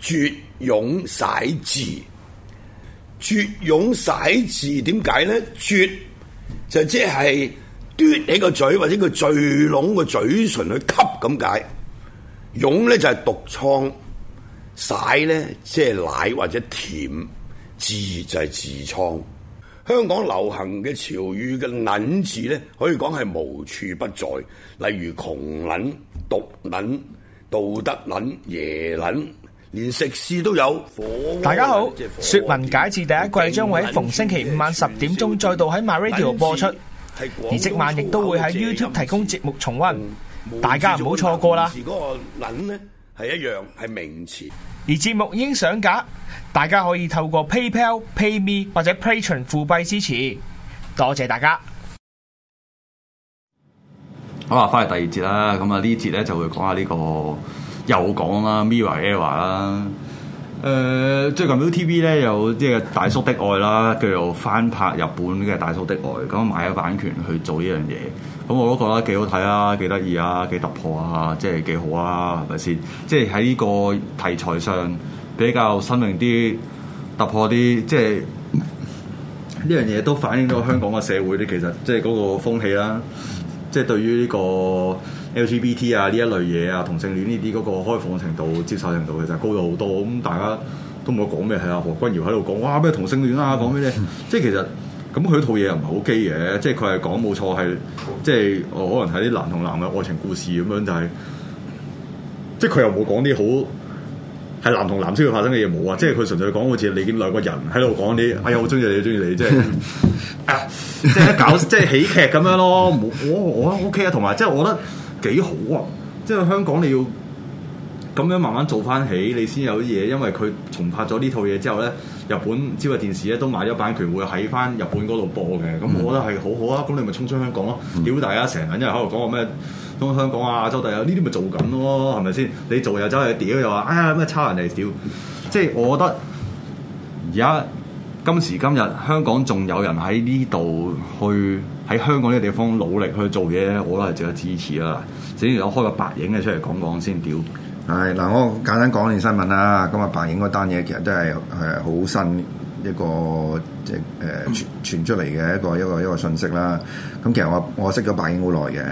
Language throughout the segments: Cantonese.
絕涌使字，絕涌使字點解咧？絕就即係嘟起個嘴或者個聚攏個嘴唇去吸咁解。涌咧就係、是、毒瘡，使咧即係奶或者甜，字就係痔瘡。香港流行嘅潮語嘅撚字咧，可以講係無處不在。例如窮撚、毒撚、道德撚、耶撚。連食肆都有。大家好，《說文解字》第一季將會逢星期五晚十點鐘再度喺 MyRadio 播出，而即晚亦都會喺 YouTube 提供節目重溫，大家唔好錯過啦。而節目已經上架，大家可以透過 PayPal、PayMe 或者 Patreon 付費支持，多謝大家。好啦，翻嚟第二節啦，咁啊呢節咧就會講下呢個。又講啦，《Mirror Error》啦，誒最近 ViuTV 咧有即係《大叔的愛》啦，叫做翻拍日本嘅《大叔的愛》，咁買咗版權去做呢樣嘢，咁我都覺得幾好睇啊，幾得意啊，幾突破啊，即係幾好啊，係咪先？即係喺呢個題材上比較新穎啲，突破啲，即係呢樣嘢都反映咗香港嘅社會咧，其實即係嗰個風氣啦、啊，即係對於呢個。LGBT 啊，呢一類嘢啊，同性戀、呢啲，嗰個開放程度、接受程度，其實高到好多，咁大家都冇講咩係啊，何君堯喺度講哇，咩同性戀啊，講咩咧，即係其實，咁佢套嘢又唔係好基嘅，即係佢係講，冇錯，係即係可能係啲男同男嘅愛情故事，咁樣就係、是、即係佢又冇講啲好係男同男先會發生嘅嘢，冇啊，即係佢純粹講好似你見兩個人喺度講啲，哎呀我中意你中意你，即係、 啊、即係搞即係喜劇咁樣咯，我、我、我、我 OK 啊，同埋即係我覺得。幾好啊！即係香港你要咁樣慢慢做翻起，你先有啲嘢。因為佢重拍咗呢套嘢之後咧，日本朝日電視咧都買咗版權，會喺翻日本嗰度播嘅。咁、嗯、我覺得係好好啊！咁、嗯、你咪衝出香港咯、啊，屌大家成日因為喺度講話咩，香港啊、亞洲第一呢啲咪做緊咯、啊，係咪先？你做又走又屌又話啊咩差人哋屌。哎嗯、即係我覺得而家今時今日香港仲有人喺呢度去。喺香港呢個地方努力去做嘢，我都係值得支持啦。整於我開個白影嘅出嚟講講先屌。係嗱，我簡單講段新聞啦。今日白影嗰單嘢其實都係誒好新一個即係誒傳出嚟嘅一個一個一個信息啦。咁其實我我識咗白影好耐嘅。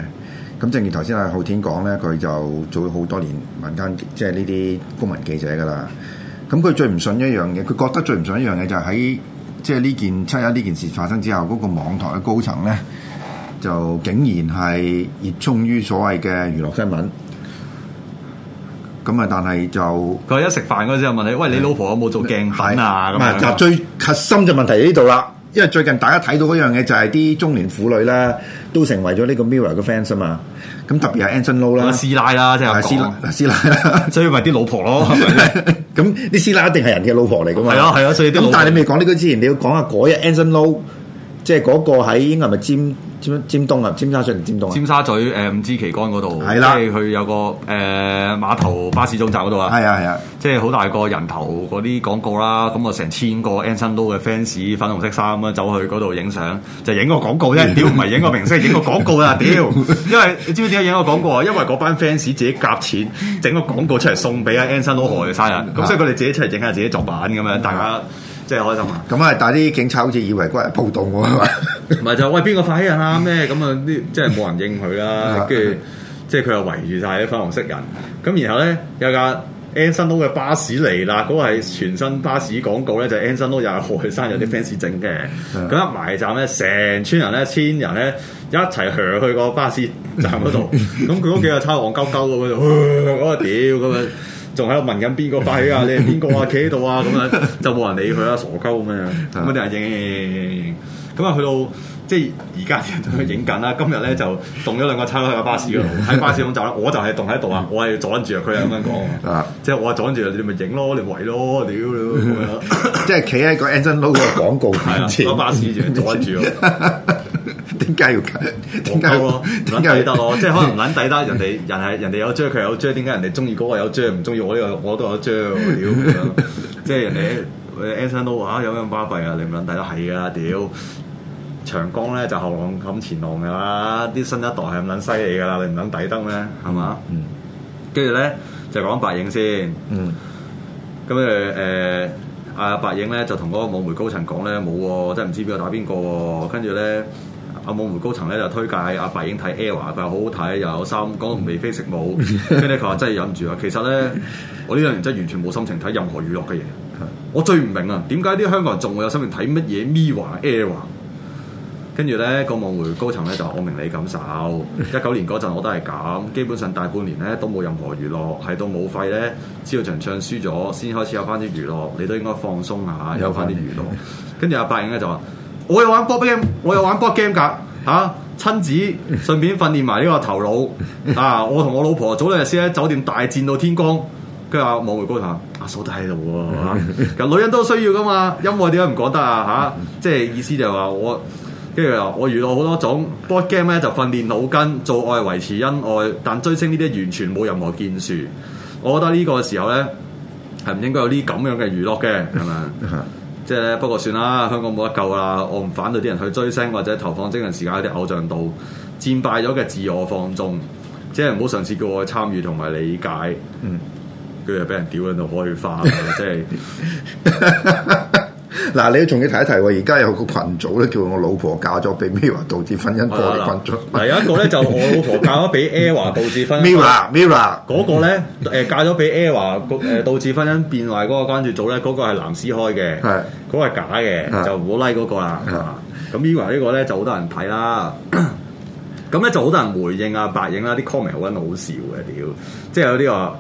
咁正如頭先啊浩天講咧，佢就做咗好多年民間即係呢啲公民記者噶啦。咁佢最唔信一樣嘢，佢覺得最唔信一樣嘢就係喺。即係呢件七一呢件事發生之後，嗰、那個網台嘅高層咧，就竟然係熱衷於所謂嘅娛樂新聞。咁啊，但係就佢一食飯嗰陣時，問你，喂，你老婆有冇做鏡粉啊？咁啊，就樣最核心嘅問題喺呢度啦。因為最近大家睇到嗰樣嘢，就係啲中年婦女啦，都成為咗呢個 Mirror 嘅 fans 啊嘛。咁特別係 Anson Lo 啦、嗯，師奶啦，即係師奶師奶啦，所以咪啲老婆咯，咁啲師奶一定係人嘅老婆嚟㗎嘛，係啊，係啊。所以咁但係你未講呢句之前，你要講下嗰日 Anson Lo。 An 即係嗰個喺應該係咪尖尖尖東啊？尖沙咀定尖東啊？尖沙咀誒五支旗杆嗰度，即係佢有個誒碼頭巴士總站嗰度啊。係啊係啊，即係好大個人頭嗰啲廣告啦。咁啊成千個 Anson Lo 嘅 fans 粉紅色衫啊，走去嗰度影相，就影個廣告啫。屌唔係影個明星，影個廣告啊！屌，因為你知唔知點解影個廣告啊？因為嗰班 fans 自己夾錢整個廣告出嚟送俾阿 Anson Lo 嘅生日。咁所以佢哋自己出嚟整下自己作品咁樣，大家。即係開心啊！咁啊，但係啲警察好似以為佢係暴動喎，係嘛 ？唔係就喂邊個發起人啊咩？咁啊啲即係冇人應佢啦。跟住即係佢又圍住晒啲粉紅色人。咁然後咧有架 Anson Lo 嘅巴士嚟啦，嗰個係全新巴士廣告咧，就 Anson Lo 又係外省有啲 fans 整嘅。咁、嗯、一埋站咧，成村人咧，千人咧一齊向去個巴士站嗰度。咁佢屋企有差黃鳩鳩喎，嗰個屌咁樣。仲喺度問緊邊個發起啊？你係邊個啊？企喺度啊？咁樣就冇人理佢啊，傻鳩咁樣咁啊！影咁啊！去到即係而家啲人影緊啦。今日咧就動咗兩個叉去喺巴士度。喺巴士咁走啦。我就係動喺度啊！我係阻住啊！佢係咁樣講，即係我係阻住啊！你咪影咯，你圍咯，屌！即係企喺個 Anderson 嗰個廣告前，喺 巴士就阻住。 點解要跟？點解咯？點解抵得咯？即係可能唔捻抵得，人哋人係人哋有張，佢有張，點解人哋中意嗰個有張，唔中意我呢個我都有張，屌！即係人哋 Anson 都話有咁巴閉啊，你唔捻抵得係噶啦，屌！長江咧就後浪趕前浪噶啦，啲新一代係咁捻犀利噶啦，你唔捻抵得咩？係嘛？跟住咧就講白影先，嗯。咁、嗯呃、啊誒阿白影咧就同嗰個網媒高層講咧冇，真係唔知邊個打邊個、啊，跟住咧。阿夢回高層咧就推介阿白影睇《Error》，佢話好好睇，又有三講未眉飛色舞，跟 住咧佢話真係忍唔住啊！其實咧，我呢兩年真係完全冇心情睇任何娛樂嘅嘢。 我最唔明啊，點解啲香港人仲會有心情睇乜嘢《Mirror Error》？跟住咧，個夢回高層咧就，我明你感受，一九 年嗰陣我都係咁，基本上大半年咧都冇任何娛樂，係到冇費咧，知道場唱輸咗先開始有翻啲娛樂，你都應該放鬆下， 有翻啲娛樂。跟住阿白影咧就話。我又玩 board game，我又玩 board game 噶嚇、啊，親子順便訓練埋呢個頭腦啊！我同我老婆早兩日先喺酒店大戰到天光，跟住話望回高頭，阿嫂都喺度喎，其實女人都需要噶嘛，音樂點解唔講得啊嚇？即係意思就係話我，跟住話我娛樂好多種 board game 咧就訓練腦筋，做愛維持恩愛，但追星呢啲完全冇任何建樹。我覺得呢個時候咧係唔應該有啲咁樣嘅娛樂嘅，係嘛？ 即係不過算啦，香港冇得救啦。我唔反對啲人去追星或者投放精神時間喺啲偶像度，戰敗咗嘅自我放縱。即係唔好嘗試叫我去參與同埋理解，嗯，佢又俾人屌喺度開花，即係、 就是。 嗱，你都仲要睇一提喎？而家有個群組咧，叫我老婆嫁咗俾 Mira 導致婚姻破裂羣組。 一個咧，就是、我老婆嫁咗俾 Air 華導致婚姻 Mira Mira 嗰個咧，誒 嫁咗俾 Air 華誒導致婚姻變壞嗰個關注組咧，嗰、那個係男司開嘅，係嗰是個係假嘅，就唔好拉嗰個啦。咁 Mira 呢個咧就好多人睇啦，咁咧 就好多人回應啊、白影啦，啲 comment 好撚好笑嘅，屌、就是這個就是，即係有啲話，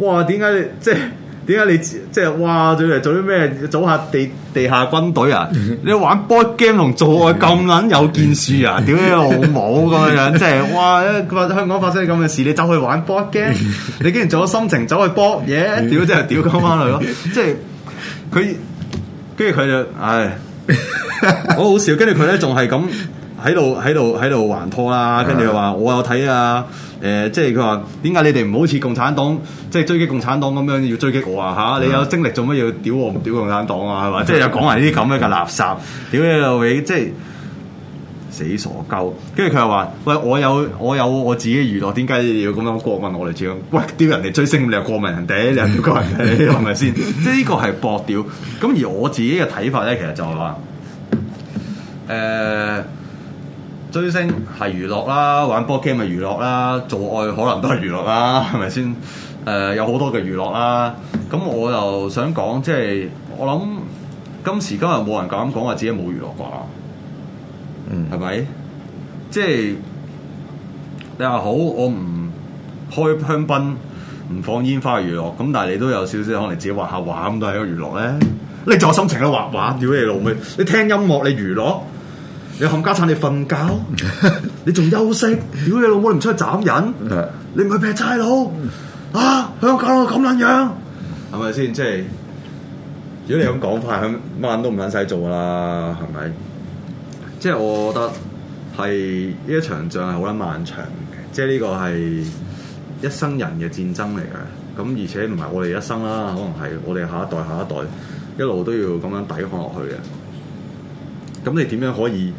哇點解即係？點解你即係哇？最近做啲咩？組下地地下軍隊啊！你玩 board game 同做愛咁捻有件事啊？屌你老母咁樣？即係哇！香港發生咁嘅事，你走去玩 board game，你竟然做咗心情，走去博嘢、yeah? 屌真係屌咁翻去咯！即係佢，跟住佢就唉，好、哎、 好笑。跟住佢咧，仲係咁。喺度喺度喺度還拖啦，跟住又話我有睇啊，誒、呃，即係佢話點解你哋唔好似共產黨即係追擊共產黨咁樣要追擊我啊？嚇，你有精力做乜要屌我唔屌共產黨啊？係嘛， 即係又講埋呢啲咁嘅垃圾，屌你老味，即係死傻鳩。跟住佢又話：喂，我有我有我自己嘅娛樂，點解要咁樣過問我哋？喂，屌人哋追星，你又過問人哋？你又屌過人哋係咪先？即係呢個係搏屌。咁而我自己嘅睇法咧，其實就係話誒、呃呃追星係娛樂啦，玩波 game 咪娛樂啦，做愛可能都係娛樂啦，係咪先？誒、呃，有好多嘅娛樂啦。咁我又想講，即係我諗今時今日冇人夠膽講話自己冇娛樂啩。嗯，係咪？即係你話好，我唔開香檳，唔放煙花嘅娛樂。咁但係你都有少少可能自己畫下畫咁都係一個娛樂咧。你就有心情啦，畫畫屌你老妹，你聽音樂你娛樂。你冚家產，你瞓覺， 你仲休息？屌你老母，你唔出去斬人， 你唔去劈差佬啊！香港搞到咁撚樣，係咪先？即係如果你咁講法，咁乜人都唔撚使做啦，係咪？即係我覺得係呢一場仗係好撚漫長嘅，即係呢個係一生人嘅戰爭嚟嘅。咁而且唔係我哋一生啦，可能係我哋下，下一代、下一代一路都要咁樣抵抗落去嘅。咁你點樣可以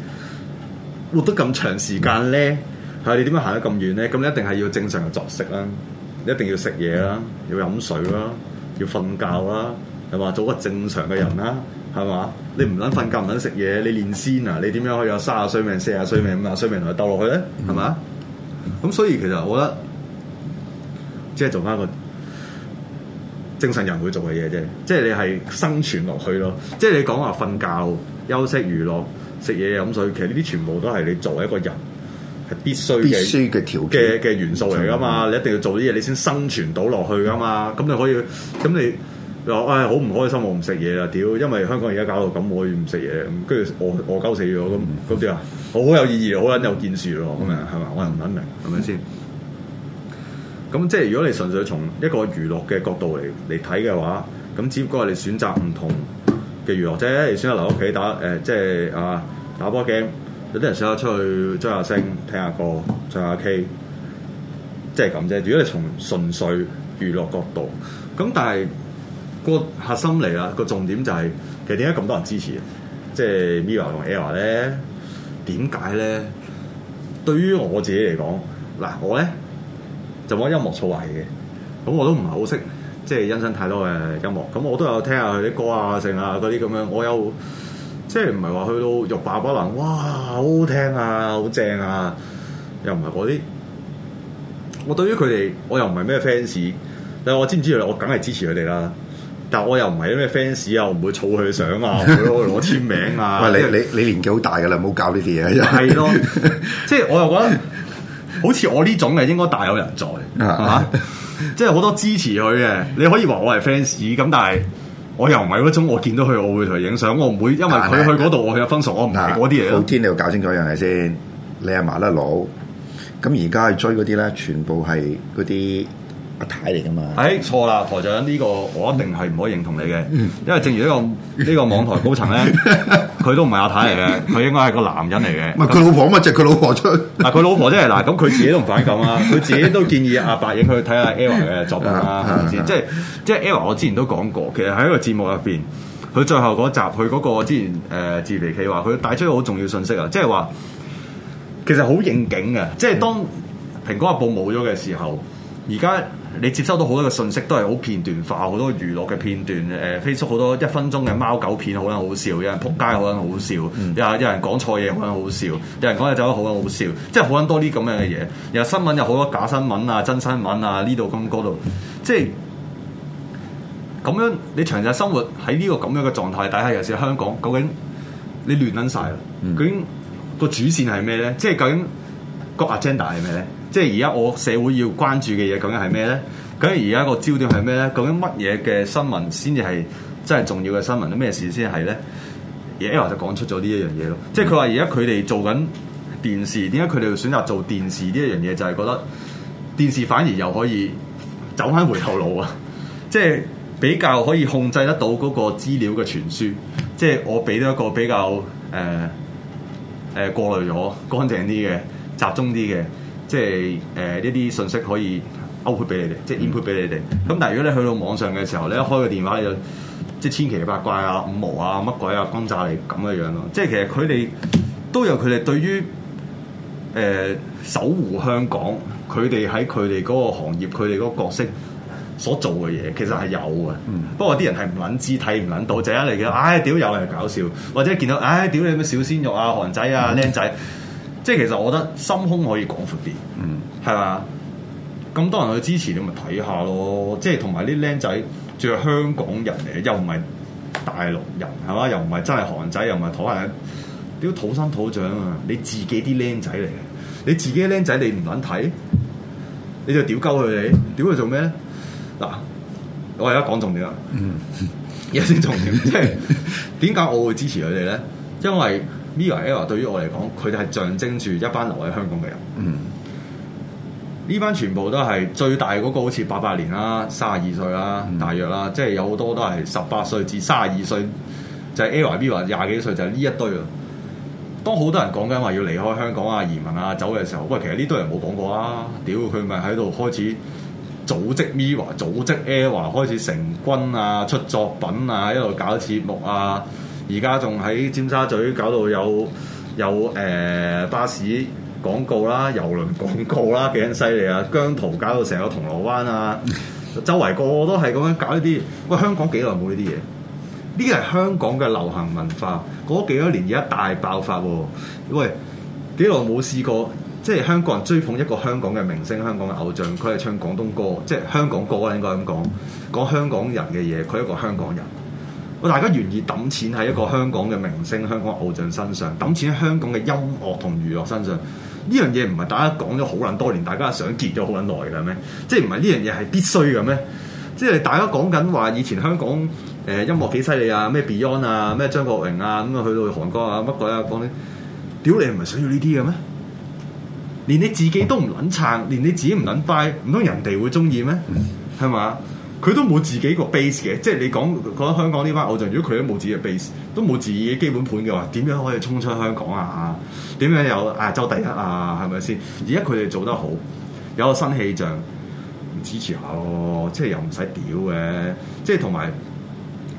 活得咁長時間咧？係你點樣行得咁遠咧？咁你一定係要正常嘅作息啦，一定要食嘢啦，要飲水啦，要瞓覺啦，係嘛？做個正常嘅人啦，係嘛？你唔撚瞓覺，唔撚食嘢，你練仙啊？你點樣可以有卅啊歲命、四啊歲命、五啊歲命同佢鬥落去咧？係咪？咁所以其實我覺得，即係做翻個正常人會做嘅嘢啫，即係你係生存落去咯。即係你講話瞓覺。休息、娛樂、食嘢、飲水，其實呢啲全部都係你作為一個人係必須嘅必須嘅條件嘅嘅元素嚟噶嘛？嗯、你一定要做啲嘢，你先生存到落去噶嘛？咁、嗯、你可以咁你話唉好唔開心，我唔食嘢啦，屌！因為香港而家搞到咁，我唔食嘢，跟住我，我餓鳩死咗，咁咁點啊？嗯、好，好有意義，好撚有建樹咯，咁樣係嘛？我又唔撚明，係咪先？咁即係如果你純粹從一個娛樂嘅角度嚟嚟睇嘅話，咁只不過係你選擇唔同。嘅娛樂啫，而家得留屋企打誒、呃，即係啊打波 game，有啲人想下出去追下星、聽下歌、唱下 K，即係咁啫。如果你從純粹娛樂角度，咁但係個核心嚟啦，個重點就係、是、其實點解咁多人支持，即係 MIRROR 同 ERROR 咧，點解咧？對於我自己嚟講，嗱我咧就玩音樂坐位嘅，咁我都唔係好識。即係欣賞太多嘅音樂，咁我都有聽下佢啲歌啊，剩啊嗰啲咁樣。我有即係唔係話去到欲罷不能，哇！好好聽啊，好正啊，又唔係嗰啲。我對於佢哋，我又唔係咩 fans，但係我知唔知佢？我梗係支持佢哋啦。但係我又唔係咩 fans 啊，唔會儲佢相啊，去攞簽名啊。喂，你你你年紀好大㗎啦，唔好教呢啲嘢。係咯，即係我又覺得，好似我呢種嘅應該大有人在，係即係好多支持佢嘅，你可以話我係 fans 咁，但係我又唔係嗰種，我見到佢我會同佢影相，我唔會因為佢去嗰度是我有分數，我唔係嗰啲嘢咯。浩天，你要搞清楚樣嘢先，你係麻甩佬，咁而家去追嗰啲咧，全部係嗰啲。阿太嚟噶嘛？哎，錯啦，台長呢個我一定係唔可以認同你嘅，因為正如呢個呢個網台高層咧，佢都唔係阿太嚟嘅，佢應該係個男人嚟嘅。唔係佢老婆乜？借佢老婆出？嗱，佢老婆真係嗱，咁佢自己都唔反感啦，佢自己都建議阿白影去睇下 ERROR 嘅作品啦，係咪先？即係即係 ERROR 我之前都講過，其實喺一個節目入邊，佢最後嗰集，佢嗰個之前誒自肥企劃，佢帶出好重要信息啊，即係話其實好應景嘅，即係當蘋果日報冇咗嘅時候。而家你接收到好多嘅信息都係好片段化，好多娛樂嘅片段，誒、呃，Facebook 好多一分鐘嘅貓狗片好撚好笑，有人仆街好撚好笑，又有人講錯嘢好撚好笑，有人講嘢走得好撚好笑，即係好撚多啲咁樣嘅嘢。然後新聞又好多假新聞啊、真新聞啊，呢度咁嗰度，即係咁樣。你長日生活喺呢個咁樣嘅狀態底下，尤其是香港，究竟你亂撚晒啦？究竟個主線係咩咧？嗯、即係究竟？個 agenda 係咩咧？即係而家我社會要關注嘅嘢究竟係咩咧？究竟而家個焦點係咩咧？究竟乜嘢嘅新聞先至係真係重要嘅新聞咩事先係咧？嘢就講出咗呢一樣嘢咯。即係佢話而家佢哋做緊電視，點解佢哋選擇做電視呢一樣嘢？就係、是、覺得電視反而又可以走翻回頭路啊！即係比較可以控制得到嗰個資料嘅傳輸，即係我俾咗一個比較誒誒、呃呃、過濾咗乾淨啲嘅。集中啲嘅，即係誒呢啲信息可以勾配俾你哋，嗯、即係是 input 俾你哋。咁但係如果你去到網上嘅時候，你一開個電話你就即係千奇百怪啊、五毛啊、乜鬼啊、轟炸你咁嘅樣咯。即係其實佢哋都有佢哋對於誒、呃、守護香港，佢哋喺佢哋嗰個行業，佢哋嗰個角色所做嘅嘢，其實係有嘅。嗯、不過啲人係唔撚知睇唔撚到，就係一嚟嘅。唉，屌有嚟搞笑，或者見到唉，屌你乜小鮮肉啊、韓仔啊、靚仔。即係其實我覺得心胸可以廣闊啲，嗯，係嘛？咁多人去支持你，咪睇下咯。即係同埋啲僆仔，仲係香港人嚟，又唔係大陸人，係嘛？又唔係真係韓仔，又唔係台灣人，屌土生土長啊、嗯！你自己啲僆仔嚟嘅，你自己啲僆仔你唔撚睇，你就屌鳩佢哋，屌佢做咩咧？嗱，我而家講重點啊！先、嗯、重點， 即係點解我會支持佢哋咧？因為 Mirror、Error 對於我嚟講，佢哋係象徵住一班留喺香港嘅人。嗯，呢班全部都係最大嗰個，好似八八年啦、三十二歲啦、大約啦，嗯、即係有好多都係十八歲至三十二歲，就係 Error、Mirror 廿幾歲，就係呢一堆啊。當好多人講緊話要離開香港啊、移民啊、走嘅時候，喂，其實呢堆人冇講過啊！屌佢咪喺度開始組織 Mirror 組織 Error，開始成軍啊、出作品啊、一路搞節目啊。而家仲喺尖沙咀搞到有有誒、呃、巴士廣告啦、郵輪廣告啦，幾咁犀利啊！姜濤搞到成個銅鑼灣啊，周圍個個都係咁樣搞呢啲。喂，香港幾耐冇呢啲嘢？呢啲係香港嘅流行文化，嗰幾多年而家大爆發喎、啊！喂，幾耐冇試過？即係香港人追捧一個香港嘅明星、香港嘅偶像，佢係唱廣東歌，即係香港歌啊！應該咁講，講香港人嘅嘢，佢係一個香港人。大家願意抌錢喺一個香港嘅明星、香港偶像身上，抌錢喺香港嘅音樂同娛樂身上，呢樣嘢唔係大家講咗好撚多年，大家想結咗好撚耐嘅咩？即係唔係呢樣嘢係必須嘅咩？即係大家講緊話以前香港誒、呃、音樂幾犀利啊，咩 Beyond 啊，咩張國榮啊，咁啊去到韓國啊乜鬼啊講啲，屌你唔係想要呢啲嘅咩？連你自己都唔撚撐，連你自己唔撚 b 唔通人哋會中意咩？係嘛？佢都冇自己個 base 嘅，即係你講講香港呢班偶像，如果佢都冇自己嘅 base，都冇自己基本盤嘅話，點樣可以衝出香港啊？點樣有亞洲第一啊？係咪先？而家佢哋做得好，有個新氣象，支持下咯、啊，即係又唔使屌嘅，即係同埋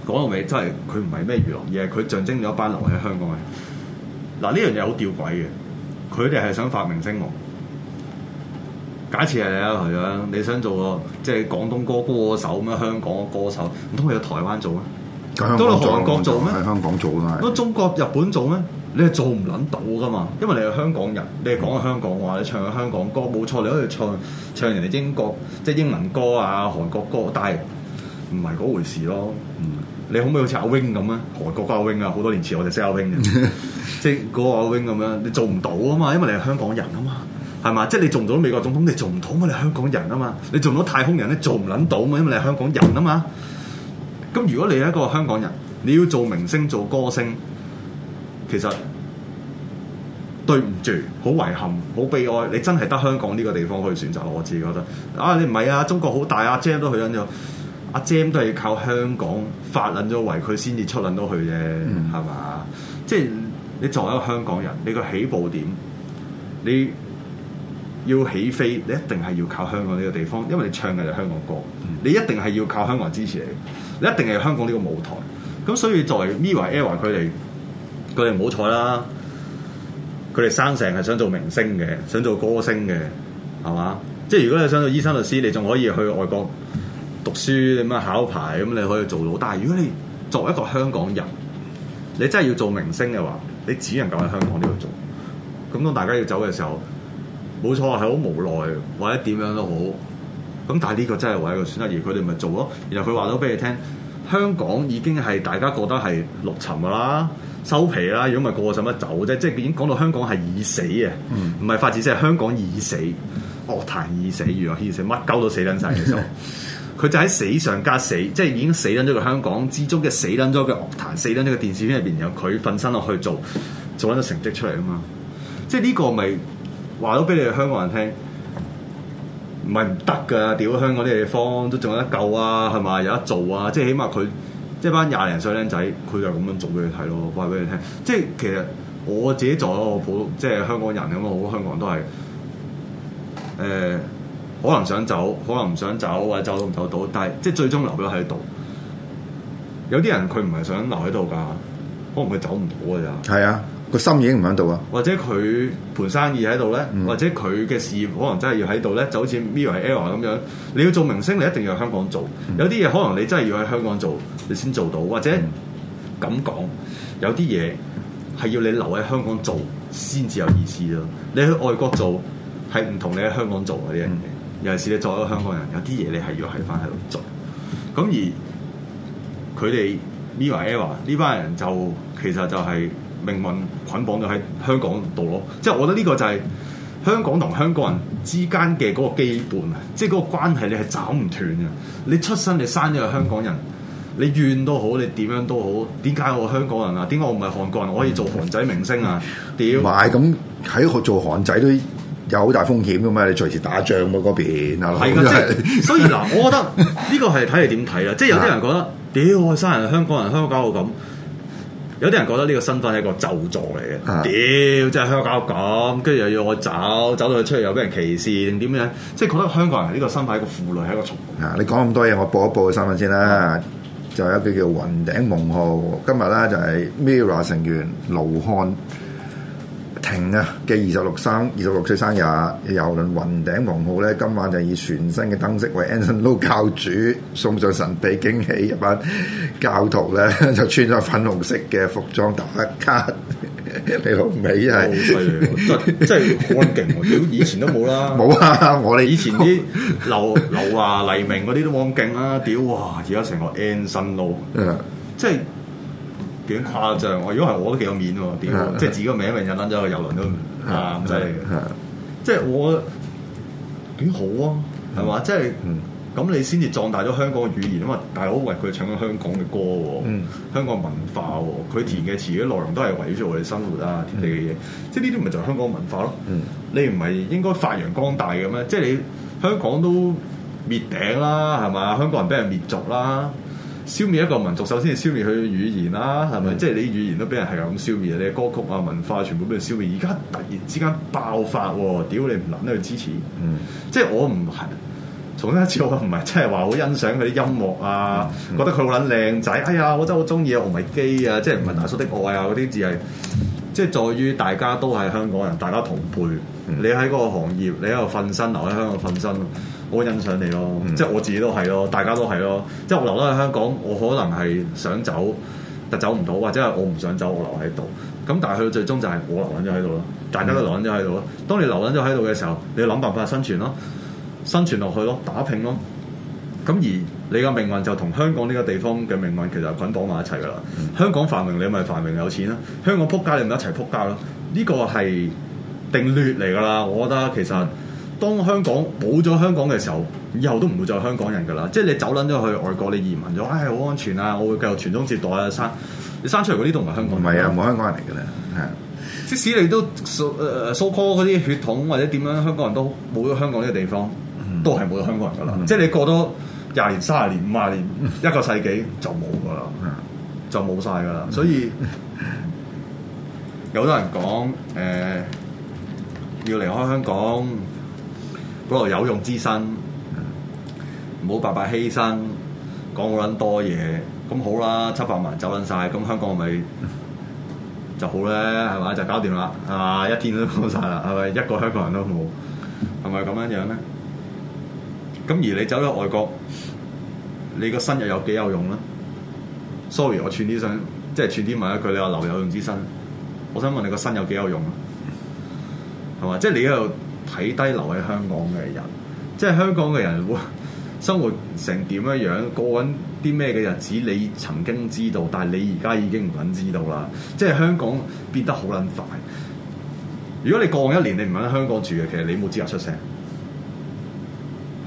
講到尾真係佢唔係咩娛樂嘢，佢象徵咗一班留喺香港嘅。嗱呢樣嘢好吊詭嘅，佢哋係想發明星夢。假設係你阿台長，你想做個即係廣東歌歌手咁樣，香港嘅歌手，唔通去到台灣做咩？都去韓國做咩？喺香港做啦。都中國、日本做咩？你係做唔撚到噶嘛？因為你係香港人，你講係香，、嗯、香港話，你唱香港歌，冇錯，你可以唱唱人哋英國即係英文歌啊、韓國歌，但係唔係嗰回事咯。你可唔可以好似阿 wing 咁啊？韓國阿 wing 啊，好多年前我哋識阿 wing 嘅， 即係嗰個阿 wing 咁樣，你做唔到啊嘛？因為你係香港人啊嘛。係嘛？即係你做唔到美國總統，你做唔到嘛？你香港人啊嘛，你做唔到太空人，你做唔捻到嘛？因為你係香港人啊嘛。咁如果你一個香港人，你要做明星、做歌星，其實對唔住，好遺憾，好悲哀。你真係得香港呢個地方可以選擇。我自己覺得啊，你唔係啊，中國好大啊，Jam 都去緊咗，阿、啊、Jam 都係靠香港發捻咗圍，佢先至出捻到去啫，係嘛？即係你作為一個香港人，你個起步點，你。要起飛，你一定係要靠香港呢個地方，因為你唱嘅就香港歌，你一定係要靠香港支持你，你一定係香港呢個舞台。咁所以作為 Mirror Error 佢哋，佢哋唔好彩啦，佢哋生成係想做明星嘅，想做歌星嘅，係嘛？即係如果你想做醫生、律師，你仲可以去外國讀書，咁考牌，咁你可以做到。但係如果你作為一個香港人，你真係要做明星嘅話，你只能夠喺香港呢度做。咁當大家要走嘅時候。冇錯，係好無奈或者點樣都好，咁但係呢個真係為一個損失，而佢哋咪做咯。然後佢話咗俾你聽，香港已經係大家覺得係六沉噶啦，收皮啦，如果唔係個個使乜走啫？即係已經講到香港係已死嘅，唔係發展，即係香港已死，樂壇已死，娛樂圈死，乜鳩都死撚晒。其實佢 就喺死上加死，即係已經死撚咗個香港之中嘅死撚咗嘅樂壇，死撚咗嘅電視圈入邊，然後佢瞓身落去做，做翻咗成績出嚟啊嘛！即係呢個咪。話咗俾你哋香港人聽，唔係唔得噶，屌香港啲地方都仲有得救啊，係嘛有得做啊！即係起碼佢即係班廿零歲僆仔，佢就咁樣做俾你睇咯，話俾你聽。即係其實我自己做一個普通，即係香港人咁樣，好多香港人都係誒、呃、可能想走，可能唔想走，或者走都唔走到，但係即係最終留咗喺度。有啲人佢唔係想留喺度㗎，可能佢走唔到㗎咋。係啊。個心已經唔喺度啊！或者佢盤生意喺度咧，嗯、或者佢嘅事業可能真係要喺度咧，就好似 Mirror Error 咁樣。你要做明星，你一定要喺香港做。嗯、有啲嘢可能你真係要喺香港做，你先做到。或者咁講、嗯，有啲嘢係要你留喺香港做先至有意思咯。你去外國做係唔同你喺香港做嗰啲嘢。嗯、尤其是你作為一個香港人，有啲嘢你係要喺翻喺度做。咁而佢哋 Mirror Error 呢班人就其實就係、是。命運捆綁咗喺香港度咯，即係我覺得呢個就係香港同香港人之間嘅嗰個基本，啊，即係嗰個關係你係斬唔斷嘅。你出生你生咗個香港人，你怨都好，你點樣都好，點解我香港人啊？點解我唔係韓國人？我可以做韓仔明星啊？屌、嗯能 不，唔係咁喺做韓仔都有好大風險噶嘛？你隨時打仗嗰邊啊？係啊的，即係是所以嗱， 以我覺得呢個係睇你點睇啦。的即係有啲人覺得屌我生人香港人，香港搞到咁。有啲人覺得呢個身份係一個咒助嚟嘅，屌，即係香港搞咁，跟住又要我走，走到佢出去又俾人歧視，定點樣？即係覺得香港人呢個身份係一個負累，係一個重。啊！你講咁多嘢，我播一播嘅新聞先啦。嗯、就有一個叫雲頂夢號，今日咧就係、是、Mirror 成員盧瀚。停啊！嘅二十六三二十六歲生日遊輪雲頂夢號咧，今晚就以全新嘅燈飾為 Anson Lo 教主送上神秘驚喜，一班教徒咧 就穿咗粉紅色嘅服裝打卡， 你老尾係，真係好勁喎！屌、哦、以前都冇啦，冇 啊！我哋以前啲劉劉華黎明嗰啲都冇咁勁啦，屌哇！而家成個 Anson Lo，誒即，即係。幾誇張如果係我都幾有面喎，點、嗯、即係自己個名咪印撚咗個郵輪都啱曬嘅，即係我幾好啊，係嘛、嗯？即係咁、嗯、你先至壯大咗香港嘅語言啊嘛！大佬為佢唱咗香港嘅歌，嗯、香港文化，佢填嘅詞嘅內容都係圍住我哋生活啊，貼地嘅嘢，即係呢啲唔係就係香港文化咯？嗯、你唔係應該發揚光大嘅咩？即係你香港都滅頂啦，係嘛？香港人俾人滅族啦！消滅一個民族，首先係消滅佢嘅語言啦，係咪？的即係你語言都俾人係咁消滅，你歌曲啊、文化全部俾佢消滅。而家突然之間爆發，屌你唔撚喺度支持。嗯、即係我唔係，重申一次，我唔係即係話好欣賞佢啲音樂啊，嗯、覺得佢好撚靚仔。哎呀，我真係好中意啊，我唔係基啊，即係唔係大叔的愛啊嗰啲，字係即係在於大家都係香港人，大家同輩。嗯、你喺嗰個行業，你喺度瞓身，留喺香港瞓身。我欣賞你咯，即係我自己都係咯，大家都係咯。即係我留得喺香港，我可能係想走，但走唔到，或者係我唔想走，我留喺度。咁但係去到最終就係我留緊咗喺度咯，大家都留緊咗喺度咯。當你留緊咗喺度嘅時候，你要諗辦法生存咯，生存落去咯，打拼咯。咁而你嘅命運就同香港呢個地方嘅命運其實捆綁埋一齊㗎啦。嗯、香港繁榮，你咪繁榮有錢啦；香港撲街，你咪一齊撲街咯。呢個係定律嚟㗎啦，我覺得其實。嗯當香港冇咗香港嘅時候，以後都唔會再香港人㗎啦。即係你走撚咗去外國，你移民咗，唉、哎，好安全啊！我會繼續傳宗接代啊，生你生出嚟嗰啲都唔係香港人，唔係啊，冇香港人嚟㗎啦。係，即使你都誒誒 so-called 嗰啲血統或者點樣，香港人都冇咗香港呢個地方，嗯、都係冇咗香港人㗎啦。嗯、即係你過多廿年、三十年、五十年、 一個世紀就冇㗎啦， 就冇晒㗎啦。所以 有好多人講誒、呃呃、要離開香港。嗰度有用之身，唔好白白犧牲，講好撚多嘢，咁好啦，七百萬走撚晒。咁香港咪就好咧，係嘛？就搞掂啦，啊，一天都講晒啦，係咪一個香港人都冇？係咪咁樣樣咧？咁而你走咗外國，你個身又有幾有用咧？Sorry，我串啲想，即係串啲問一句，你話留有用之身，我想問你個身有幾有用啊？係嘛？即係你喺度。睇低留喺香港嘅人，即係香港嘅人會生活成點樣樣，過緊啲咩嘅日子？你曾經知道，但係你而家已經唔肯知道啦。即係香港變得好撚快。如果你過一年你唔喺香港住嘅，其實你冇資格出聲。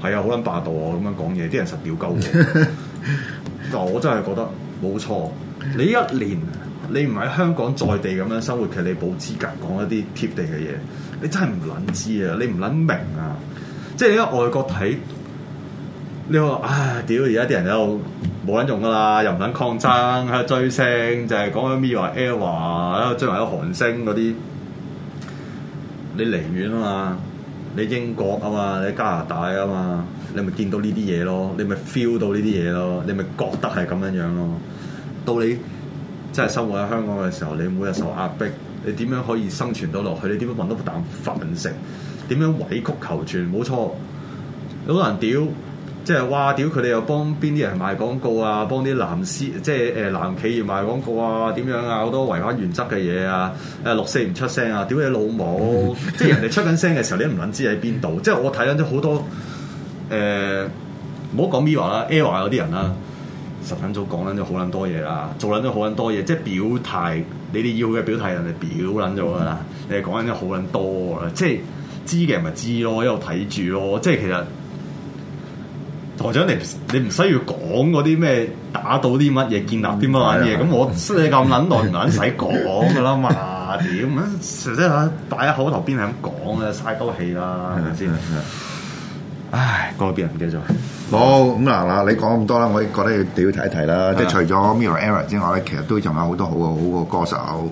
係啊，好撚霸道啊，我咁樣講嘢，啲人實屌鳩。但 我真係覺得冇錯，你一年。你唔喺香港在地咁樣生活，其實你冇資格講一啲貼地嘅嘢。你真係唔撚知啊，你唔撚明啊，即係你喺外國睇你話唉屌而家啲人喺度冇撚用噶啦，又唔撚抗爭，喺度追星就係講緊 Mirror、Error 啊，追埋啲韓星嗰啲。你離遠啊嘛，你英國啊嘛，你加拿大啊嘛，你咪見到呢啲嘢咯，你咪 feel 到呢啲嘢咯，你咪覺得係咁樣樣咯，到你。即係生活喺香港嘅時候，你每日受壓迫，你點樣可以生存到落去？你點樣揾到啖飯食？點樣委曲求全？冇錯，好多人屌，即係哇屌！佢哋又幫邊啲人賣廣告啊？幫啲藍絲，即係誒、呃、藍企業賣廣告啊？點樣啊？好多違反原則嘅嘢啊！誒、呃、六四唔出聲啊！屌你老母！ 即係人哋出緊聲嘅時候，你都唔撚知喺邊度。即係我睇緊咗好多誒，唔、呃、好講 Mirror 啦，Error、er、話啲人啦。 十分鐘講撚咗好撚多嘢啦，做撚咗好撚多嘢，即係表態。你哋要嘅表態人哋表撚咗噶啦，嗯、你係講撚咗好撚多啦、嗯，即係知嘅人咪知咯，一路睇住咯，即係其實台長你你唔需要講嗰啲咩打倒啲乜嘢建立啲乜嘢，咁、嗯嗯、我識你咁撚耐唔撚使講噶啦嘛？點啊？純粹係大家口頭邊係咁講嘅，嘥多氣啦，係咪先？唉，個別唔記得好，咁嗱嗱，你講咁多啦，我覺得你要睇一睇啦。啊、即係除咗 Mirror Error 之外咧，其實都仲有好多好嘅好個歌手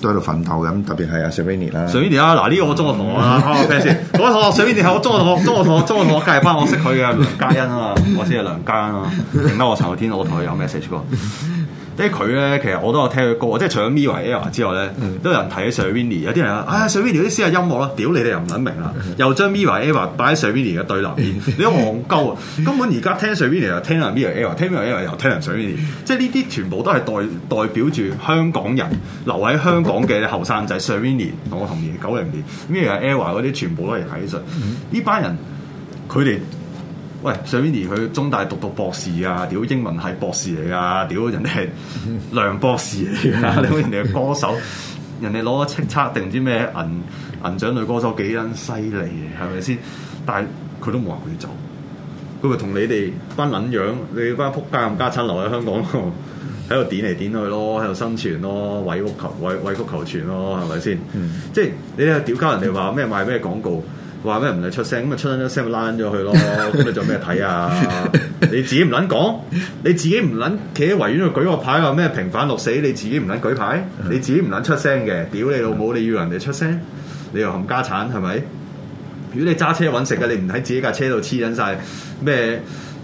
都喺度奮鬥緊，特別係啊，Serrini 啦。s Serrini 啊，嗱呢、 啊啊啊那個我 中學同學啦，睇下先。我同學 Serrini 係我中學同學，中學同學，中學同學隔籬班我識佢嘅梁嘉欣啊，我識阿梁嘉欣啊，認得我陳浩天我，我同佢有 message。即係佢咧，其實我都有聽佢歌，即係除咗 Mirror Error 之外咧，嗯、都有人睇 Serrini。有啲人話，啊，Serrini 嗰啲先係音樂咯，屌你哋又唔撚明啦！又將 Mirror Error 擺喺 Serrini 嘅對立面，嗯、你都戇鳩啊！嗯、根本而家聽 Serrini 就聽人 Mirror Error，聽 Mirror Error 又聽人 Serrini。即係呢啲全部都係代代表住香港人留喺香港嘅後生仔 Serrini，我同年九零年 Mirror Error 嗰啲全部都係睇上呢班人，佢哋。喂，上邊而佢中大讀讀博士啊！屌英文係博士嚟噶，屌人哋係梁博士嚟噶，屌 人哋係歌手，人哋攞咗叱咤定唔知咩銀銀獎女歌手幾撚犀利嘅，係咪先？但係佢都冇話佢要走，佢咪同你哋班撚樣，你班撲街咁家親留喺香港喺度點嚟點去咯，喺度生存咯，委屋求委委曲求全咯，係咪先？Um, 即係你又屌鳩人哋話咩賣咩廣告？話咩唔嚟出聲，咁咪出緊聲，咪攔咗佢咯？咁 你做咩睇啊？你自己唔捻講，你自己唔捻企喺維園度舉個牌話咩平反六四，你自己唔捻舉牌，你自己唔捻出聲嘅， 屌你老母，你要人哋出聲，你又冚家鏟係咪？如果你揸車搵食嘅，你唔喺自己架車度黐緊晒咩？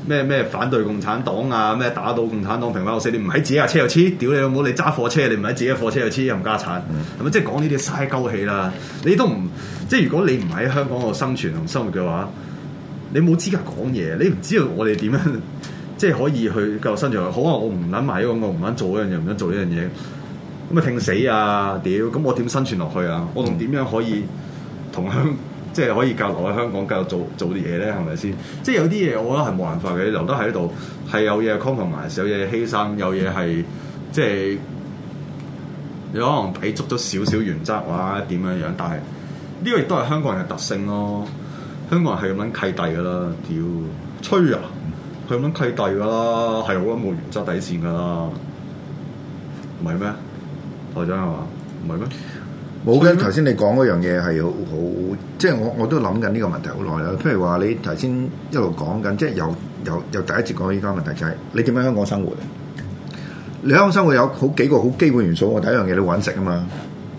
咩咩反對共產黨啊？咩打倒共產黨，平反我死！你唔喺自己架車又黐？屌你老母！你揸貨車，你唔喺自己架貨車又黐？又家產，係咪、mm？Hmm. 即係講呢啲嘥鳩氣啦！你都唔即係如果你唔喺香港度生存同生活嘅話，你冇資格講嘢。你唔知道我哋點樣即係可以去繼續生存。好啊，我唔諗埋嗰個我唔諗做嗰樣嘢，唔想做呢樣嘢。咁啊，拼死啊！屌！咁我點生存落去啊？我仲點樣可以同香？Mm hmm. 即係可以留喺香港繼續做做啲嘢咧，係咪先？即係有啲嘢我覺得係冇辦法嘅，留得喺度係有嘢抗衡埋，有嘢犧牲，有嘢係即係你可能俾足咗少少原則話點樣樣，但係呢、這個亦都係香港人嘅特性咯。香港人係咁樣契弟噶啦，屌吹啊！佢咁樣契弟噶啦，係好冇原則底線噶啦，唔係咩？台長係嘛？唔係咩？冇嘅，頭先你講嗰樣嘢係好，即係我我都諗緊呢個問題好耐啦。譬如話，你頭先一路講緊，即係由由由第一節講到依家問題就係，你點樣香港生活？你香港生活有好幾個好基本元素。我第一樣嘢，你揾食啊嘛。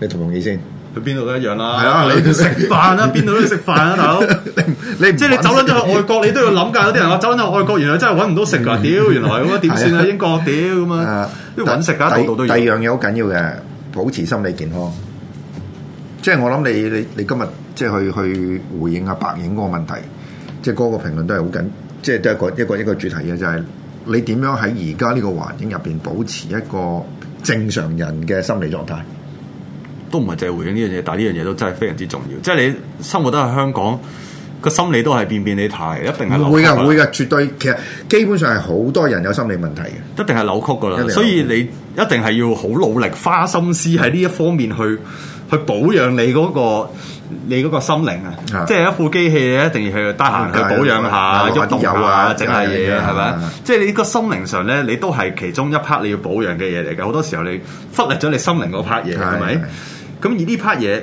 你同唔同意先？去邊度都一樣啦。係啊，你食飯啊，邊度都要食飯啊，大佬。你即係你走咗出去外國，你都要諗㗎。有啲人話走咗出去外國，原來真係揾唔到食㗎。屌，原來咁啊，點算啊？英國屌咁啊，揾食㗎，第二樣嘢好緊要嘅，保持心理健康。即係我諗你你你今日即係去去回應阿白影嗰個問題，即係嗰個評論都係好緊，即係都係一個一個一個主題嘅，就係你點樣喺而家呢個環境入邊保持一個正常人嘅心理狀態，都唔係淨係回應呢樣嘢，但係呢樣嘢都真係非常之重要。即係你生活喺香港，個心理都係變變你態，一定係會噶會噶絕對。其實基本上係好多人有心理問題嘅，一定係扭曲噶啦，所以你一定係要好努力花心思喺呢一方面去。去保養你嗰個你個心靈啊，即係一副機器一定要去得閒去保養下，喐下有啊，整下嘢係咪？即係你呢個心靈上咧，你都係其中一 part 你要保養嘅嘢嚟嘅。好多時候你忽略咗你心靈嗰 part 嘢，係咪？咁而呢 part 嘢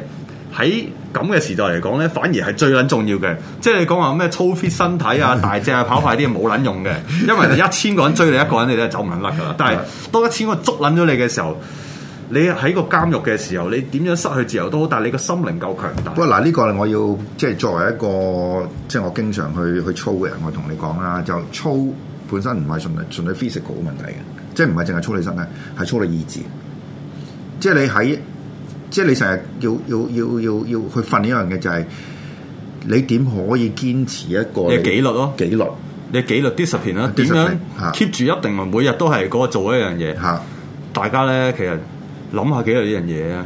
喺咁嘅時代嚟講咧，反而係最捻重要嘅。即係你講話咩操 fit 身體啊，大隻啊，跑快啲，冇捻用嘅。因為一千個人追你一個人，你都走唔甩噶啦。但係多一千個捉捻咗你嘅時候。你喺個監獄嘅時候，你點樣失去自由都好，但係你個心靈夠強大。不過！嗱，呢個我要即係作為一個，即係我經常去去操嘅人，我同你講啦，就操本身唔係純粹純粹 physical 嘅問題嘅，即係唔係淨係操你身嘅，係操你意志。即係你喺，即係你成日要要要要要去訓練一樣嘢，就係你點可以堅持一個，你紀律咯，紀律，你紀律，你紀律 discipline 啦，點樣 keep 住一定，每日都係嗰個做一樣嘢。嚇！大家咧，家其實～諗下紀律呢樣嘢啊！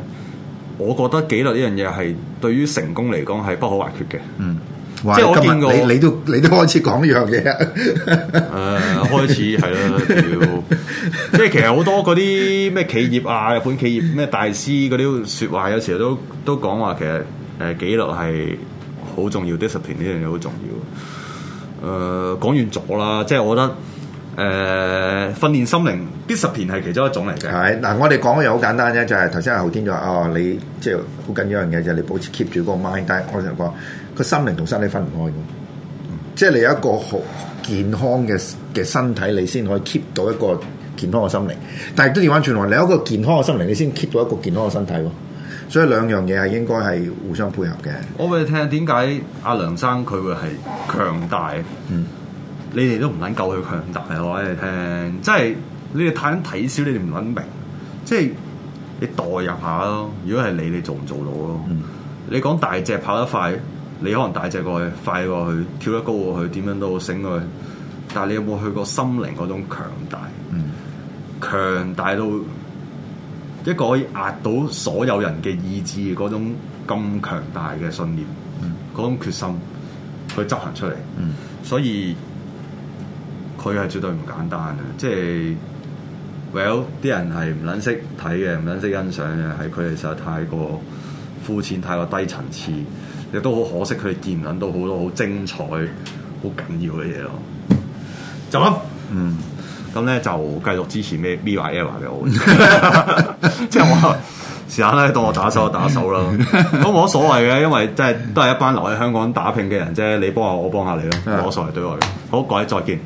我覺得紀律呢樣嘢係對於成功嚟講係不可或缺嘅。嗯，即係我見過你你都你都開始講呢樣嘢啊。誒 呃，開始係啦，要 即係其實好多嗰啲咩企業啊，日本企業咩大師嗰啲說話，有時候都都講話其實誒紀律係好重要，discipline 呢樣嘢好重要。誒，講、呃、完咗啦，即係我覺得。誒，訓練、呃、心靈，必十件係其中一種嚟嘅。係嗱，我哋講嘅嘢好簡單啫，就係頭先阿浩天就話，哦，你即係好緊要一樣嘢，就係你保持 keep 住個 mind。但係我成日話，個心靈同身體分唔開、嗯、即係你有一個好健康嘅嘅身體，你先可以 keep 到一個健康嘅心靈。但係都調翻轉來，你有一個健康嘅心靈，你先 keep 到一個健康嘅身體。所以兩樣嘢係應該係互相配合嘅。我會聽下，點解阿梁生佢會係強大？嗯。你哋都唔撚夠佢強大話你聽，即係你哋太撚睇小，你哋唔撚明，即係你代入下咯。如果係你，你做唔做到咯？嗯、你講大隻跑得快，你可能大隻過去，快過去，跳得高過去，點樣都好醒過去。但係你有冇去過心靈嗰種強大？嗯、強大到一個可以壓到所有人嘅意志嘅嗰種咁強大嘅信念，嗰、嗯、種決心去執行出嚟。嗯、所以。佢係絕對唔簡單嘅，即係，well 啲人係唔撚識睇嘅，唔撚識欣賞嘅，係佢哋實在太過膚淺，太過低層次，亦都好可惜，佢哋見唔撚到好多好精彩、好緊要嘅嘢咯。就咁，嗯，咁咧就繼續支持 Mirror Error 嘅好， 即係我時下咧當我打手就打手啦，咁 冇所謂嘅，因為即係都係一班留喺香港打拼嘅人啫，你幫下我，我幫下你咯，我傻嚟對我。嘅，好，各位再見。